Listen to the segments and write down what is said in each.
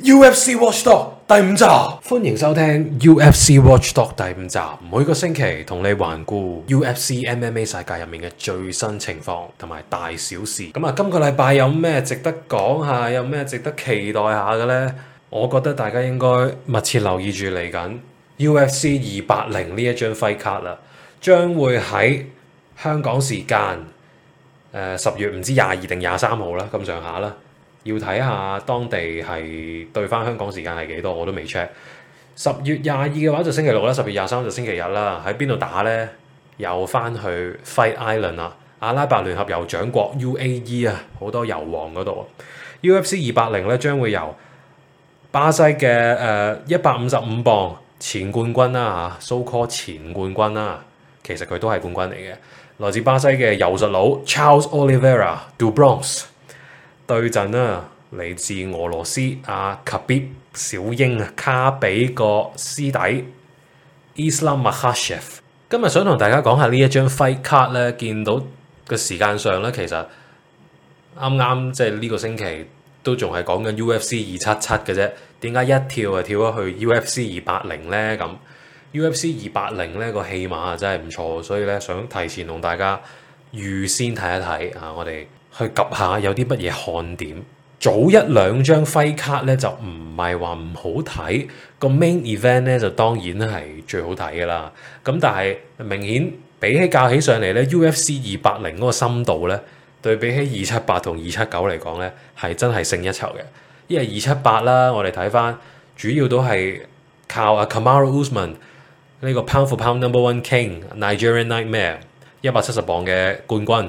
UFC Watchdog 第五集，歡迎收聽 UFC Watchdog 第五集。每個星期同你環顧 UFC MMA 世界入面嘅最新情況同埋大小事。咁、嗯、啊，今個禮拜有咩值得講下？有咩值得期待下嘅呢？我覺得大家應該密切留意住嚟緊 UFC 二八零呢一張 fight card 啦，將會喺香港時間誒十月唔知廿二定廿三號啦，咁上下啦。要睇下當地係對翻香港時間係幾多，我都未 check。十月廿二嘅話就星期六啦，十月廿三就星期日啦。喺邊度打咧？又翻去 Fight Island 啦，阿拉伯聯合酋長國 UAE 啊，好、e, 多油王嗰度。UFC 二百零咧將會由巴西嘅誒一百五十五磅前冠軍啦嚇，So-called 前冠軍啦，uh, 其實佢都係冠軍嚟嘅，來自巴西嘅柔術佬 Charles Oliveira do Bronx。對陣啊，嚟自俄羅斯阿卡比小英卡比個師弟 Islam Makhachev。今日想同大家講下呢一張 fight card 咧，見到個時間上咧，其實啱啱即係呢個星期都仲係講緊 UFC 二七七嘅啫。點解一跳就跳咗去 UFC 二八零咧？咁 UFC 二八零咧個戲碼真係唔錯，所以咧想提前同大家預先睇一睇啊！我哋去及下有啲乜嘢看點，早一兩張揮卡咧就唔係話唔好睇，個 main event 咧就當然咧係最好睇噶啦。咁但係明顯比起較起上嚟咧，UFC 二八零嗰個深度咧，對比起二七八同二七九嚟講咧，係真係勝一籌嘅。因為二七八啦，我哋睇翻主要都係靠阿 Kamaru Usman 呢個 pound for pound number one king Nigerian Nightmare 一百七十磅嘅冠軍。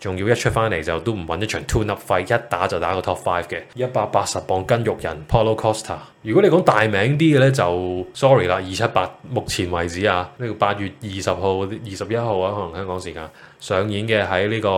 仲要一出翻嚟就都唔揾一場 tune up fight，一打就打個 top five 嘅一百八十磅筋肉人 Polo Costa。如果你講大名啲嘅呢，就 sorry 啦，二七八，目前為止啊，呢個八月二十號、二十一號啊，可能香港時間。上演嘅喺呢個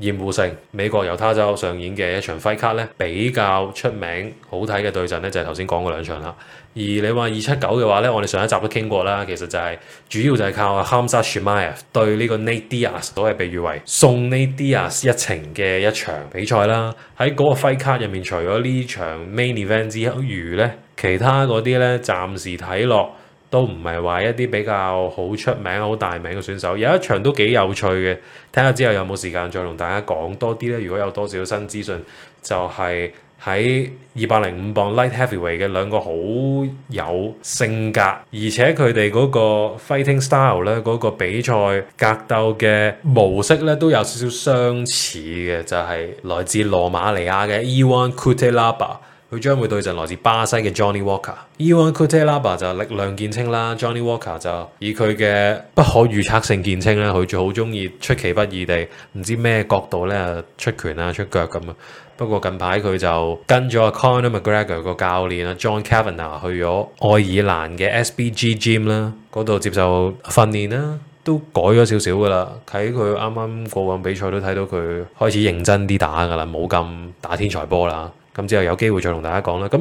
鹽湖城，美國猶他州上演嘅一場 fight 卡咧，比較出名、好睇嘅對陣咧，就係頭先講嗰兩場啦。而你話二七九嘅話咧，我哋上一集都傾過啦，其實就係、是、主要就係靠 Hamza、um、s 哈姆沙雪麥啊對呢個納迪亞都係被譽為送 n a 納迪亞一程嘅一場比賽啦。喺嗰個 fight 卡入面，除咗呢場 main event 之餘咧，其他嗰啲咧暫時睇落。都唔係話一啲比較好出名、好大名嘅選手，有一場都幾有趣嘅，睇下之後有冇時間再同大家講多啲咧。如果有多少新資訊，就係喺二百零五磅 light heavyweight 嘅兩個好有性格，而且佢哋嗰個 fighting style 咧，嗰、那個比賽格鬥嘅模式咧都有少少相似嘅，就係、是、來自羅馬尼亞嘅 Ion Cutelaba。佢將會對陣來自巴西嘅 Johnny Walker，Ewan Coutelaba 就力量見稱啦，Johnny Walker 就以佢嘅不可預測性見稱啦。佢仲好中意出其不意地唔知咩角度咧出拳啊出腳咁啊。不過近排佢就跟咗 Conor McGregor 個教練啊，John Kavanagh 去咗愛爾蘭嘅 SBG Gym 啦，嗰度接受訓練啦，都改咗少少噶啦。睇佢啱啱過往比賽都睇到佢開始認真啲打噶啦，冇咁打天才波啦。咁之後有機會再同大家講啦。咁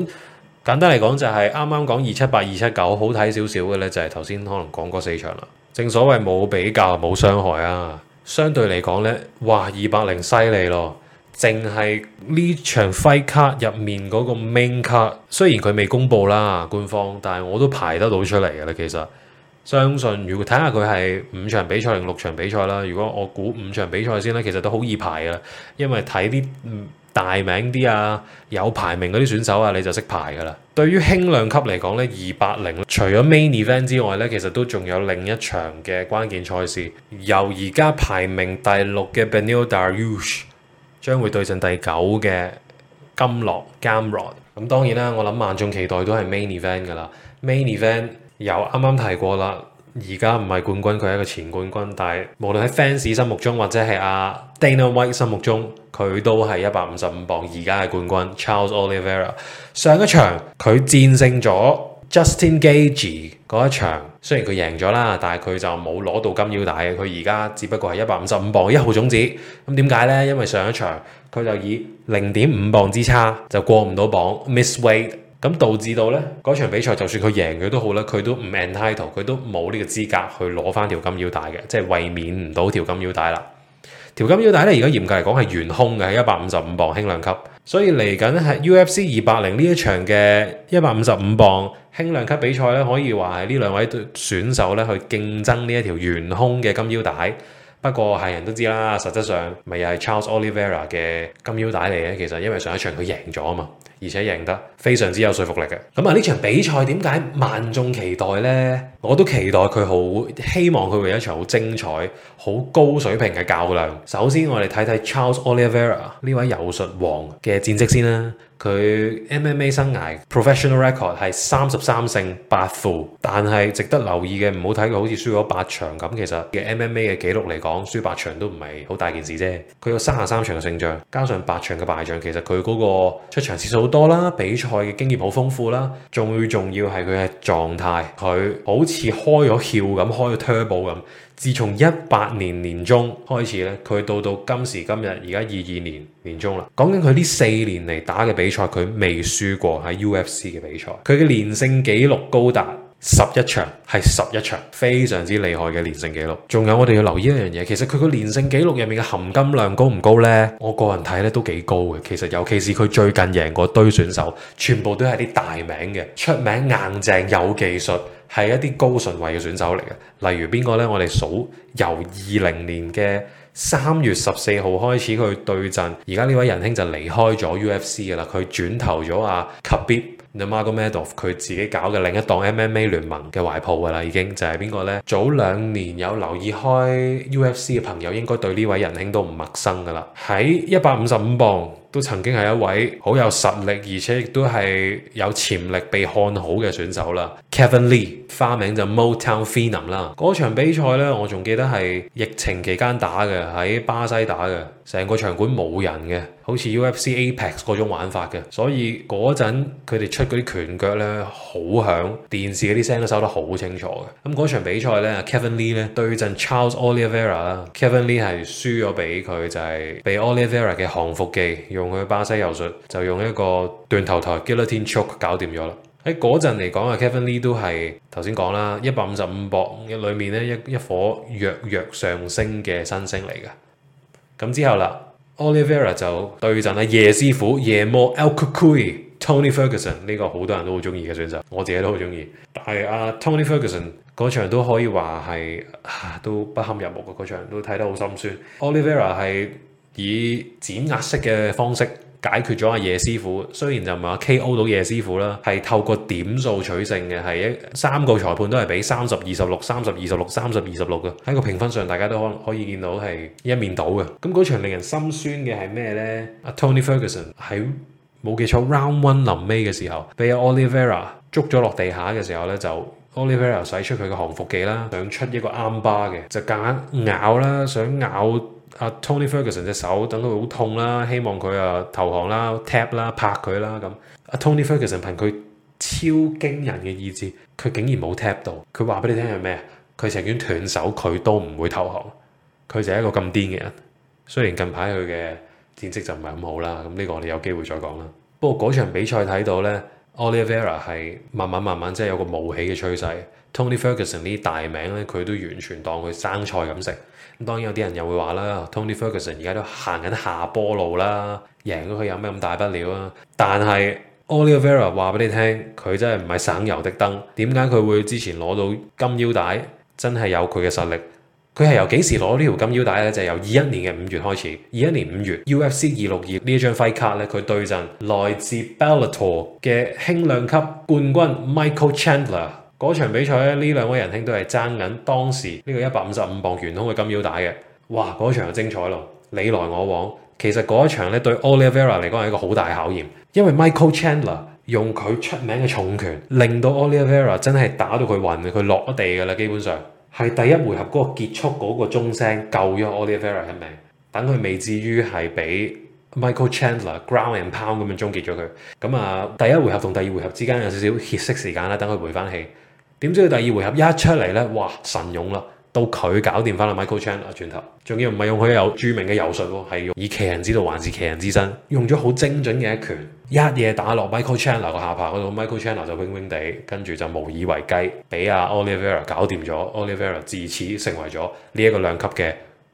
簡單嚟講就係啱啱講二七八二七九好睇少少嘅呢，就係頭先可能講過四場啦。正所謂冇比較冇傷害啊。相對嚟講呢，哇二八零犀利咯，淨係呢場 fight card 入面嗰個 main card，雖然佢未公布啦官方，但係我都排得到出嚟嘅啦。其實相信如果睇下佢係五場比賽定六場比賽啦，如果我估五場比賽先呢，其實都好易排嘅啦，因為睇啲嗯。大名啲啊，有排名嗰啲選手啊，你就識排噶啦。對於輕量級嚟講呢，二八零，除咗 Main Event 之外呢，其實都仲有另一場嘅關鍵賽事，由而家排名第六嘅 Beneil Dariush 將會對陣第九嘅金樂 Gamrot。咁 Gam 當然啦，我諗萬眾期待都係 Main Event 噶啦。Main Event 有啱啱提過啦。而家唔係冠軍，佢係一個前冠軍。但係無論喺 fans 心目中或者係阿 Dana White 心目中，佢都係一百五十五磅而家嘅冠軍 Charles Oliveira，上一場佢戰勝咗 Justin Gaethje 嗰一場，雖然佢贏咗啦，但係佢就冇攞到金腰帶。佢而家只不過係一百五十五磅一號種子。咁點解呢？因為上一場佢就以零點五磅之差就過唔到榜 Miss Weight。咁導致到咧，嗰場比賽就算佢贏佢都好啦，佢都唔 entitle，佢都冇呢個資格去攞翻條金腰帶嘅，即係衛冕唔到條金腰帶啦。條金腰帶咧，而家嚴格嚟講係懸空嘅，一百五十五磅輕量級。所以嚟緊係 UFC 二八零呢一場嘅一百五十五磅輕量級比賽咧，可以話係呢兩位選手咧去競爭呢一條懸空嘅金腰帶。不過係人都知啦，實質上咪又係 Charles Oliveira 嘅金腰帶嚟嘅。其實因為上一場佢贏咗啊嘛。而且贏得非常之有說服力嘅，咁話呢場比賽點解萬眾期待呢？我都期待佢好，希望佢會有一場好精彩、好高水平嘅較量。首先，我哋睇睇 Charles Oliveira 呢位柔術王嘅戰績先啦。佢 MMA 生涯 professional record 係三十三勝八負，但係值得留意嘅唔好睇佢好似輸咗八場咁，其實嘅 MMA 嘅記錄嚟講，輸八場都唔係好大件事啫。佢有三十三場嘅勝仗，加上八場嘅敗仗，其實佢嗰個出場次數好多啦，比賽嘅經驗好豐富啦，仲要重要係佢嘅狀態，佢好似開咗竅咁，開咗 turbo 咁。自從一八年年中開始咧，佢到到今時今日，而家二二年年中啦。講緊佢呢四年嚟打嘅比賽，佢未輸過喺 UFC 嘅比賽。佢嘅連勝紀錄高達十一場，係十一場，非常之厲害嘅連勝紀錄。仲有我哋要留意一樣嘢，其實佢個連勝紀錄入面嘅含金量高唔高呢？我個人睇咧都幾高嘅。其實尤其是佢最近贏過堆選手，全部都係啲大名嘅，出名硬正有技術。係一啲高順位嘅選手嚟嘅，例如邊個呢？我哋數由二零年嘅三月十四號開始去對陣，而家呢位仁兄就離開咗 UFC 噶啦。佢轉投咗啊 Khabib Nurmagomedov 佢自己搞嘅另一檔 MMA 聯盟嘅懷抱嘅啦，已經就係邊個呢？早兩年有留意開 UFC 嘅朋友，應該對呢位仁兄都唔陌生嘅啦。喺一百五十五磅。都曾經係一位好有實力，而且亦都係有潛力被看好嘅選手啦。Kevin Lee，花名就 Motown Phenom 啦。嗰場比賽呢，我仲記得係疫情期間打嘅，喺巴西打嘅。成個場館冇人嘅，好似 UFC Apex 嗰種玩法嘅，所以嗰陣佢哋出嗰啲拳腳咧好響，電視嗰啲聲都收得好清楚嘅。咁嗰場比賽咧，Kevin Lee 咧對陣 Charles Oliveira 啦，Kevin Lee 係輸咗俾佢，就係、是、被 Oliveira 嘅降服技，用佢巴西柔術就用一個斷頭台 Guillotine Choke 搞掂咗啦。喺嗰陣嚟講啊，Kevin Lee 都係頭先講啦，一百五十五磅嘅裏面咧一一顆弱弱上升嘅新星嚟嘅。咁之後啦，Olivera 就對陣阿夜師傅夜魔 El Cucuy Tony Ferguson，呢個好多人都好中意嘅選手，我自己都好中意。但係阿、啊、Tony Ferguson 嗰場都可以話係、啊、都不堪入目嘅嗰場，都睇得好心酸。Olivera 係以剪壓式嘅方式。解決咗阿夜師傅，雖然就唔係話 KO 到夜師傅啦，係透過點數取勝嘅，係一三個裁判都係俾三十二十六、三十二十六、三十二十六嘅。喺個評分上，大家都可能可以見到係一面倒嘅。咁嗰場令人心酸嘅係咩呢？阿 Tony Ferguson 喺冇記錯 Round One 臨尾嘅時候，俾阿 Oliveira 捉咗落地下嘅時候呢，就 Oliveira 使出佢嘅降服技啦，想出一個啱巴嘅，就夾硬硬咬啦，想咬。阿 Tony Ferguson 隻手等到佢好痛啦，希望佢啊投降啦、tap 啦、拍佢啦咁。阿 Tony Ferguson 憑佢超驚人嘅意志，佢竟然冇 tap 到。佢話俾你聽係咩？佢情願斷手佢都唔會投降，佢就係一個咁癲嘅人。雖然近排佢嘅戰績就唔係咁好啦，咁、這、呢個我哋有機會再講啦。不過嗰場比賽睇到咧，Oliveira 係慢慢慢慢即係有個冒起嘅趨勢。Tony Ferguson 呢啲大名咧，佢都完全當佢生菜咁食。咁當然有啲人又會話啦，Tony Ferguson 而家都行緊下坡路啦，贏咗佢有咩咁大不了啊？但係 Oliveira 話俾你聽，佢真係唔係省油的燈。點解佢會之前攞到金腰帶？真係有佢嘅實力。佢係由幾時攞呢條金腰帶咧？就係由二一年嘅五月開始。二一年五月 UFC 二六二呢一張飛卡咧，佢對陣來自 Bellator 嘅輕量級冠軍 Michael Chandler。嗰場比賽咧，呢兩位仁兄都係爭緊當時呢個一百五十五磅圓通嘅金腰帶嘅。哇！嗰場又精彩咯，你來我往。其實嗰一場咧對 Oliveira 嚟講係一個好大考驗，因為 Michael Chandler 用佢出名嘅重拳，令到 Oliveira 真係打到佢暈，佢落地㗎啦。基本上係第一回合嗰個結束嗰個鐘聲救咗 Oliveira 一命，等佢未至於係俾 Michael Chandler ground and pound 咁樣終結咗佢。咁啊，第一回合同第二回合之間有少少歇息時間啦，等佢回翻氣。點知佢第二回合一出嚟呢，哇神勇啦，到佢搞掂翻啦 Michael Chandler 轉頭，仲要唔係用佢有著名嘅柔術喎，係用以其人之道還是其人之身，用咗好精準嘅一拳，一嘢打落 Michael Chandler 個下巴嗰度，Michael Chandler 就暈暈地，跟住就無以為繼，俾阿 Oliveira 搞掂咗，Oliveira 自此成為咗呢一個兩級嘅。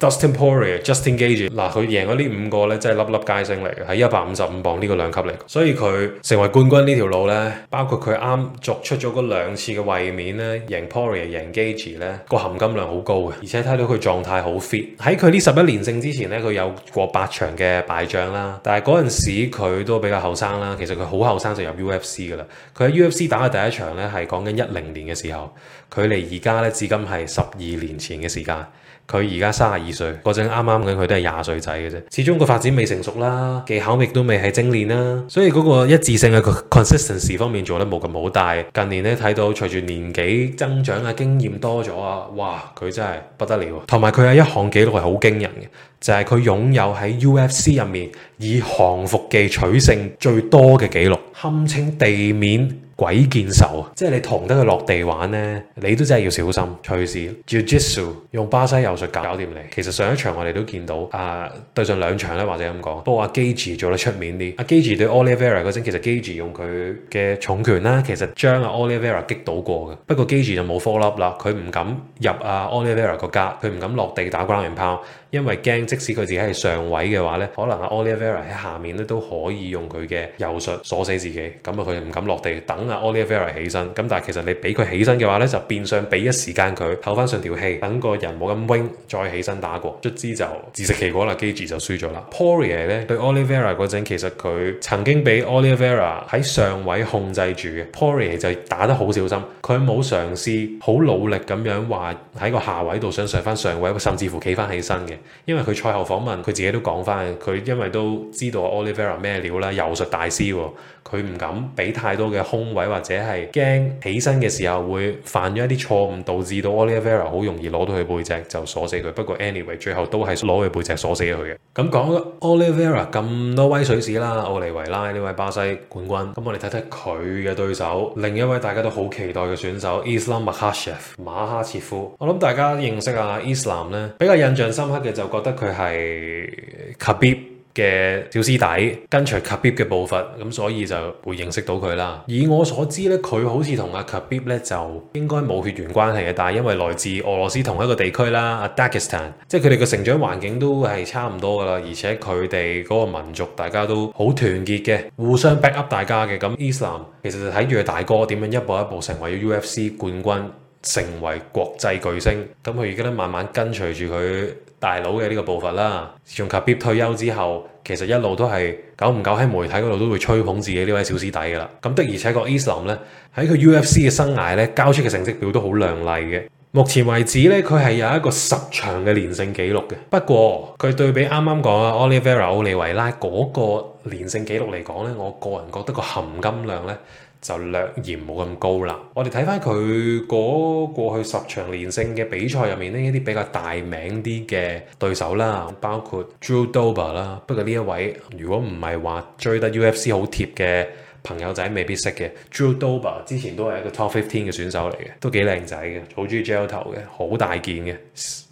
Dustin Poirier、Justin Gaethje 嗱，佢贏咗呢五個咧，真係粒粒皆星嚟嘅，喺一百五十五磅呢、呢個兩級嚟。所以佢成為冠軍條呢條路咧，包括佢啱逐出咗嗰兩次嘅衛冕咧，贏 Poirier、贏 Gaethje 咧，個含金量好高嘅。而且睇到佢狀態好 fit，喺佢呢十一連勝之前咧，佢有過八場嘅敗仗啦。但係嗰陣時佢都比較後生啦，其實佢好後生就入 UFC 噶啦。佢喺 UFC 打嘅第一場咧，係講緊一零年嘅時候，距離而家咧至今係十二年前嘅時間。佢而家三十二歲，嗰陣啱啱嘅佢都係廿歲仔嘅啫。始終個發展未成熟啦，技巧亦都未係精練啦，所以嗰個一致性嘅 consistency 方面做得冇咁好。但近年咧睇到隨住年紀增長啊，經驗多咗啊，哇！佢真係不得了，同埋佢有一項紀錄係好驚人嘅。就係佢擁有喺 UFC 入面以降服技取勝最多嘅記錄，堪稱地面鬼見愁。即係你同得佢落地玩呢，你都真係要小心。隨時 Jiu-Jitsu 用巴西柔術搞掂你。其實上一場我哋都見到啊，對上兩場咧，或者咁講，不過阿 Gaethje 做得出面啲。阿、啊、Gaethje 對 Oliveira 嗰陣，其實 Gaethje 用佢嘅重拳啦，其實將阿 Oliveira 擊倒過嘅。不過 Gaethje 就冇 follow up 啦，佢唔敢入阿 Oliveira 個格，佢唔敢落地打 ground and pound，因為驚。即使佢自己係上位嘅話咧，可能阿 Oliveira 喺下面咧都可以用佢嘅右術鎖死自己，咁啊佢唔敢落地，等阿 Oliveira 起身。咁但係其實你俾佢起身嘅話咧，就變相俾一時間佢透翻上條氣，等個人冇咁 wing 再起身打過，卒之就自食其果啦，Gaethje 就輸咗啦。Poirier 咧對 Oliveira 嗰陣，其實佢曾經俾 Oliveira 喺上位控制住嘅。Poirier 就打得好小心，佢冇嘗試好努力咁樣話喺個下位度想上翻上位，甚至乎企翻起身嘅，因為佢。賽後訪問，佢自己都講返，佢因為都知道 Oliveira 咩料啦，柔術大師喎。佢唔敢俾太多嘅空位，或者係驚起身嘅時候會犯咗一啲錯誤，導致到 Oliveira 好容易攞到佢背脊就鎖死佢。不過 anyway，最後都係攞佢背脊鎖死佢嘅。咁講 Oliveira 咁多威水士啦，奧利維拉呢位巴西冠軍。咁我哋睇睇佢嘅對手，另一位大家都好期待嘅選手 Islam Makhachev 馬哈切夫。我諗大家認識阿 Islam 呢，比較印象深刻嘅就覺得佢係 Khabib 嘅小師弟跟隨 Khabib 嘅步伐，咁所以就會認識到佢啦。以我所知咧，佢好似同阿 Khabib 咧就應該冇血緣關係嘅，但係因為來自俄羅斯同一個地區啦，阿 Dagestan 即係佢哋嘅成長環境都係差唔多噶啦，而且佢哋嗰個民族大家都好團結嘅，互相 back up 大家嘅。咁 Islam 其實就睇住佢大哥點樣一步一步成為咗 UFC 冠軍。成為國際巨星，咁佢而家咧慢慢跟隨住佢大佬嘅呢個步伐啦。自從卡比退休之後，其實一路都係久唔久喺媒體嗰度都會吹捧自己呢位小師弟嘅啦。咁的而且確，Islam 咧喺佢 UFC 嘅生涯咧交出嘅成績表都好亮麗嘅。目前為止咧，佢係有一個十場嘅連勝記錄嘅。不過佢對比啱啱講啊，奧利維拉奧利維拉嗰個連勝記錄嚟講咧，我個人覺得個含金量咧。就略嫌冇咁高啦。我哋睇翻佢嗰過去十場連勝嘅比賽入面呢，一啲比較大名啲嘅對手啦，包括 Drew Dober 啦。不過呢一位如果唔係話追得 UFC 好貼嘅，朋友仔未必識嘅 Drew Dober 之前都係一個 Top 15嘅選手嚟嘅，都幾靚仔嘅，好中意 gel 頭嘅，好大件嘅，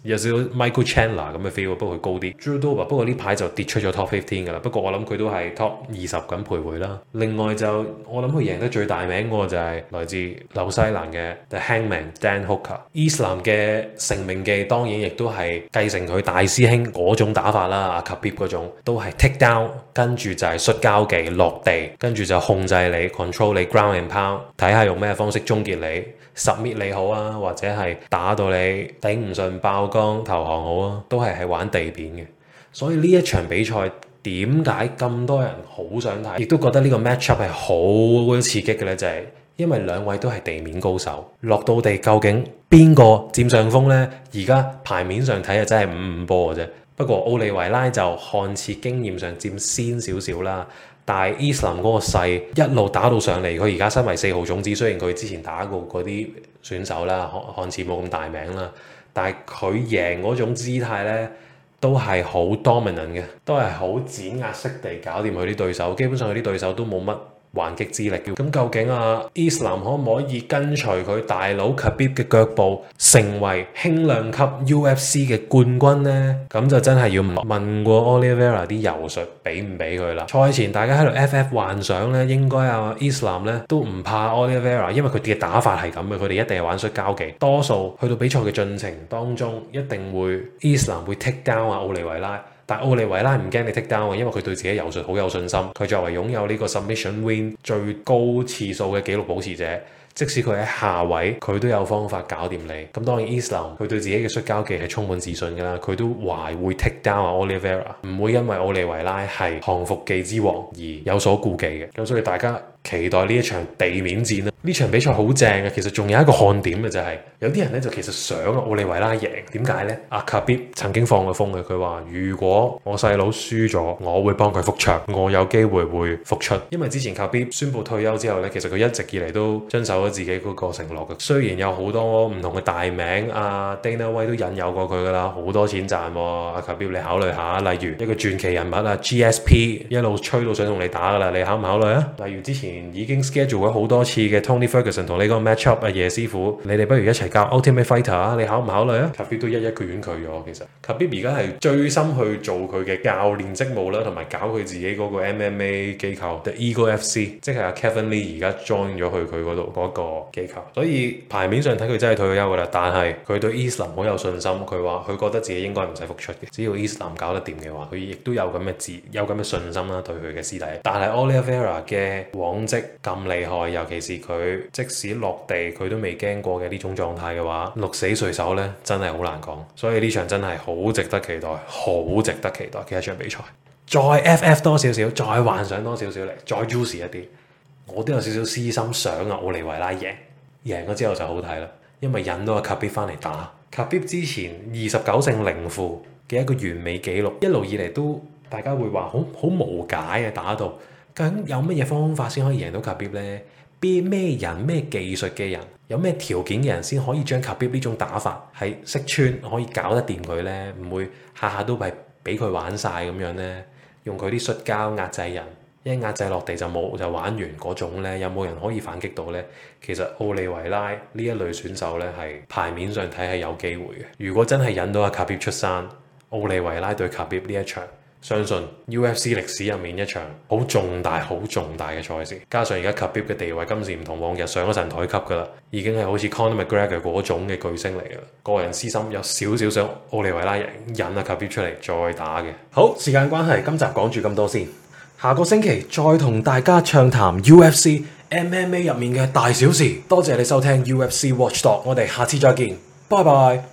有少 Michael Chandler 咁嘅 feel，不過佢高啲。Drew Dober 不過呢排就跌出咗 Top 15嘅啦，不過我諗佢都係 Top 二十咁徘徊啦。另外就我諗佢贏得最大名嗰個就係來自紐西蘭嘅 Hangman Dan Hooker，Islam 嘅成名技當然亦都係繼承佢大師兄嗰種打法啦，阿、啊、Khabib 嗰種都係 take down，跟住就係摔跤技落地，跟住就控。控制你，control 你，ground and p o w e r 睇下用咩方式終結你，十滅你好啊，或者係打到你頂唔順爆缸投降好啊，都係喺玩地面嘅。所以呢一場比賽點解咁多人好想睇，亦都覺得呢個 match up 係好刺激嘅咧？就係、是、因為兩位都係地面高手，落到地究竟邊個佔上風咧？而家牌面上睇啊，真係五五波嘅啫。不過奧利維拉就看似經驗上佔先少少啦。但係 Islam 嗰個勢一路打到上嚟，佢而家身為四號種子，雖然佢之前打過嗰啲選手啦，看似冇咁大名啦，但係佢贏嗰種姿態呢，都係好 dominant 嘅，都係好碾壓式地搞掂佢啲對手，基本上佢啲對手都冇乜還擊之力嘅，咁究竟啊伊斯蘭可唔可以跟隨佢大佬 Khabib 嘅腳步，成為輕量級 UFC 嘅冠軍咧？咁就真係要問過奧利維拉啲柔術，俾唔俾佢啦？賽前大家喺度 FF 幻想咧，應該啊伊斯蘭咧都唔怕奧利維拉，因為佢哋嘅打法係咁嘅，佢哋一定係玩摔交技，多數去到比賽嘅進程當中，一定會伊斯蘭會 take down 啊奧利維拉。但奧利維拉唔驚你 take down，因為佢對自己柔術好有信心。佢作為擁有呢個 submission win 最高次數嘅紀錄保持者，即使佢喺下位，佢都有方法搞掂你。咁當然 Islam，佢對自己嘅摔跤技係充滿自信㗎啦。佢都話會 take down Oliveira，唔會因為奧利維拉係降服技之王而有所顧忌嘅。咁所以大家期待呢一場地面戰啦、啊！呢場比賽好正嘅，其實仲有一個看點嘅就係、是、有啲人咧就其實想奧利維拉贏，點解呢？阿 Khabib 曾經放過風嘅，佢話如果我細佬輸咗，我會幫佢復場，我有機會會復出。因為之前 Khabib 宣布退休之後呢，其實佢一直以嚟都遵守咗自己嗰個承諾嘅。雖然有好多唔同嘅大名啊，阿 Dana White 都引誘過佢噶啦，好多錢賺喎、啊。阿 Khabib 你考慮下，例如一個傳奇人物啊，GSP 一路吹到想同你打噶啦，你考唔考慮啊？例如之前，已經 schedule 咗好多次嘅 Tony Ferguson 同呢個 matchup 啊，夜師傅，你哋不如一齊教 Ultimate Fighter 考考啊，你考唔考慮啊 Khabib 都一一佢婉拒咗。其實 Khabib 而家係最深去做佢嘅教練職務啦，同埋搞佢自己嗰個 MMA 機構 The Eagle FC，即係阿 Kevin Lee 而家 join 咗去佢嗰度嗰個機構。所以牌面上睇佢真係退咗休噶啦，但係佢對 Islam 好有信心，佢話佢覺得自己應該唔使復出嘅，只要 Islam 搞得掂嘅話，佢亦都有咁嘅自有咁嘅信心啦對佢嘅師弟。但係 Oliveira 嘅往咁厲害，尤其是佢即使落地佢都未驚過嘅呢種狀態嘅話，鹿死誰手呢真係好難講。所以呢場真係好值得期待，好值得期待嘅一場比賽。再 FF 多少少，再幻想多少少嚟再 juicy 一啲，我都有少少私心想啊，奧利維拉贏，贏咗之後就好睇啦，因為引到個 Khabib 翻嚟打 Khabib 之前二十九勝零負嘅一個完美紀錄，一路以嚟都大家會話好好無解啊，打到。想有乜嘢方法先可以贏到卡比咧？b 咩人咩技術嘅人，有咩條件嘅人先可以將卡比呢種打法喺識穿，可以搞得掂佢咧？唔會下下都係俾佢玩晒咁樣咧。用佢啲摔跤壓制人，一壓制落地就冇，就玩完嗰種咧。有冇人可以反擊到咧？其實奧利維拉呢一類選手咧，係牌面上睇係有機會嘅。如果真係引到阿卡比出山，奧利維拉對卡比呢一場。相信 UFC 歷史入面一場好重大、好重大嘅賽事，加上而家 Khabib 嘅地位今時唔同往日，上咗神台級噶啦，已經係好似 Conor McGregor 嗰種嘅巨星嚟噶啦。個人私心有少少想奧利維拉人引阿 Khabib 出嚟再打嘅。好，時間關係，今集講住咁多先，下個星期再同大家暢談 UFC MMA 入面嘅大小事。多謝你收聽 UFC Watchdog，我哋下次再見，拜拜。